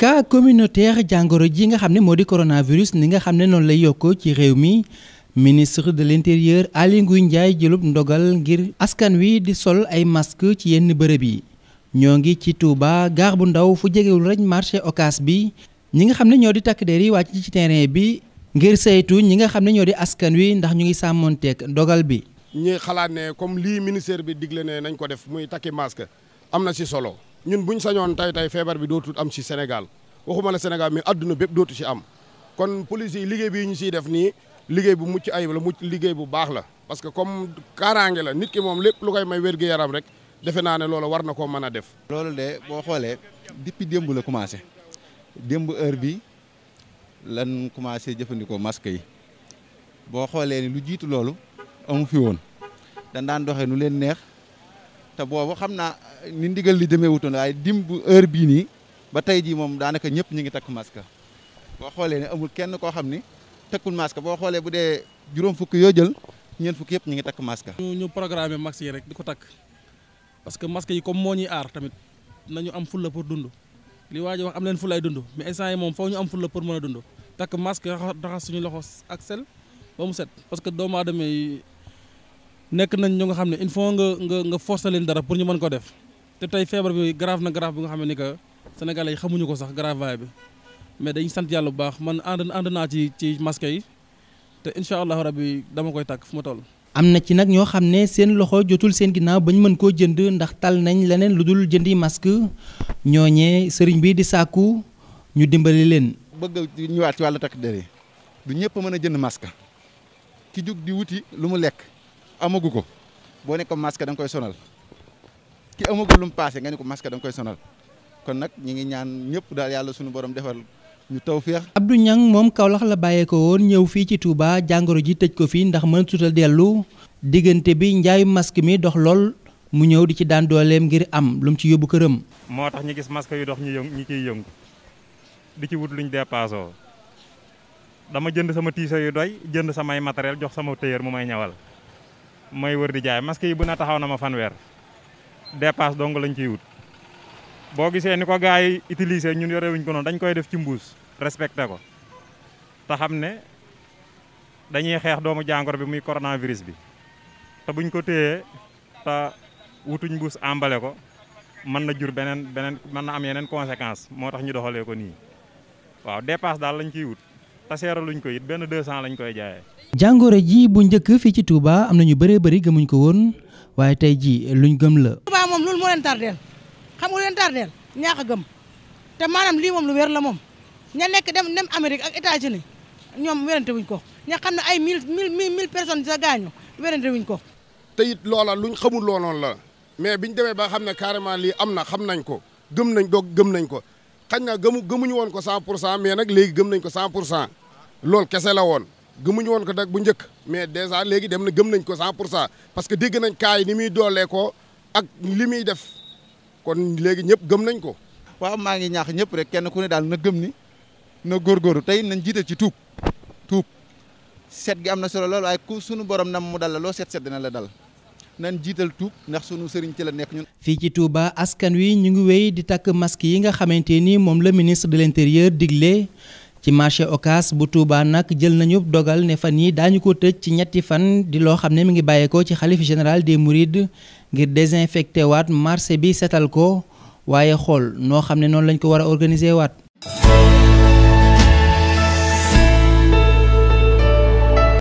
cas communautaire jàngoro ji nga xam ne moo di coronavirus ni nga xam ne noonu lay yokkoo ci réew mi ministre de l'intérieur alli nguy Ndiaye jëlub ndogal ngir askan wi di sol ay masque ci yenn bërëb yi ñoo ngi ci Touba gaar bu ndaw fu jegewul rekk marché Ocass bi ñi nga xam ne ñoo di takk der yi wàcc ci terrain bi ngir saytu ñi nga xam ne ñoo di askan wi ndax ñu ngi sàmmoon sàmmonteeg ndogal bi ñuy xalaat ne comme lii ministère bi digle ne nañ ko def muy takki masque am na ci solo ñun buñ sañoon tey feebar bi dootul am ci Sénégal waxuma la Sénégal mais àdduna bépp dootu ci am kon police yi liggéey bi ñu siy def nii liggéey bu mucc ayib la mucc liggéey bu baax la parce que comme kaaraange la nit ki moom lépp lu koy may wér gu yaram rek defe naa ne loolu war na koo mën a def. loolu de boo xoolee depuis démb la commencé démb heure bi lan commencé jëfandikoo masque yi boo xoolee ni lu jiitu loolu amu fi woon dañ daan doxee nu leen neex te boobu xam naa ni ndigal li demee wutoon waaye dimb heure bii nii. ba tey jii moom daanaka ñëpp ñu ngi takk masque boo xoolee ne amul kenn koo xam ni takkul masque boo xoolee bu dee juróom fukk yoo jël ñeent fukk yëpp ñu ngi takk masque. ñu ñu programme masque yi rek di ko takk parce que masque yi comme moo ñuy aar tamit nañu am fulla pour dund li waa ji wax am leen fullaay dund mais instant yi moom foo ñu am fulla pour mën a dund takk masque raxas suñu loxo ak sel ba mu set parce que doomu aadama nekk nañ ñu nga xam ne il faut nga nga nga forcer leen dara pour ñu mën ko def te tey feebar bi grave na grave bi nga xam ne que sénégalais yi xamuñu ko sax gravaay bi mais dañ sant yàlla bu baax man ànd ànd naa ci ci masque yi te incha allahu rabbi dama koy tàkk fu ma toll. am na ci nag ñoo xam ne seen loxo jotul seen ginnaaw ba ñu mën koo jënd ndax tal nañ leneen lu dul jëndi masque ñooñee sëriñ bi di saaku ñu dimbali leen. bëgg ñëwaat ci wàllu takk der yi du mën a jënd maska ki jug di wuti lu mu lekk amagu ko boo ne ko masque koy sonal ki amagu lu mu paase nga ne ko masque da koy sonal. kon nag ñi ngi ñaan ñëpp daal yàlla suñu borom defal ñu taw féex Abdou Niang moom Kaolack la bàyyeeko woon ñëw fii ci Touba jàngoro ji tëj ko fii ndax mën suta dellu diggante bi njaayu masque mi dox lool mu ñëw di ci daan dooleem ngir am lu mu ci yóbbu këram. moo tax ñu gis masque yu dox ñu yëngu ñu ciy yëngu di ci wut luñ dépassoo dama jënd sama tiise yu doy jënd samay matériel jox sama tailleur mu may ñawal may wër di jaay masque yi bu na taxaw na ma fanweer dépasse dong lañ ciy boo gisee ni ko gars yi utiliser ñun yorewuñ ko noonu dañ koy def ci mbuus respecté ko te xam ne dañuy xeex doomu jàngoro bi muy coronavirus bi te buñ ko téyee te wutuñ mbuus àmbale ko mën na jur beneen beneen mën na am yeneen conséquence moo tax ñu doxalee ko nii waaw dépasse daal lañ ciy wut te seeraluñ ko it benn 200 lañ koy jaayee. jàngoro ji bu njëkk fii ci Touba am na ñu bëree bëri gëmuñ ko woon waaye tey ji luñ gëm la. Touba moom loolu moo leen xam nga leen tardeel ñaax a gëm te maanaam lii moom lu wér la moom ña nekk dem dem Amérique ak États-Unis ñoom werante wuñ ko ña xam ne ay mille mille mille personnes sa gaañu werante wuñ ko. te it loola luñ xamul loonoon la mais biñ demee ba xam ne carrément lii am na xam nañ ko gëm nañ doog gëm nañ ko xañ na gëmu gëmuñu woon ko 100 pour cent mais nag léegi gëm nañ ko 100 pour cent loolu kese la woon. gëmuñu woon ko nag bu njëkk mais déjà léegi dem na gëm nañ ko 100 pour cent parce que dégg nañ cas yi ni muy doolee ko ak li muy def. kon léegi ñëpp gëm nañ ko. waaw maa ngi ñaax ñëpp rek kenn ku ne daal na gëm ni na góorgóorlu tey nañ jiital ci tuub tuub set gi am na solo lool waaye ku sunu borom nam mu dal la loo set sedd na la dal. nan jiital tuub ndax sunu sëriñ ci la nekk ñu fii ci Touba askan wi ñu ngi wéy di takk masque yi nga xamante ni moom la ministre de l'intérieur digle ci marché ocas bu Touba nag jël nañu dogal ne fan yi daañu ko tëj ci ñetti fan di loo xam ne mi ngi bàyyeekoo ci xalif général des Mourides. ngir désinfecté waat marché bi setal ko waaye xool noo xam ne noonu lañ ko war a organiser waat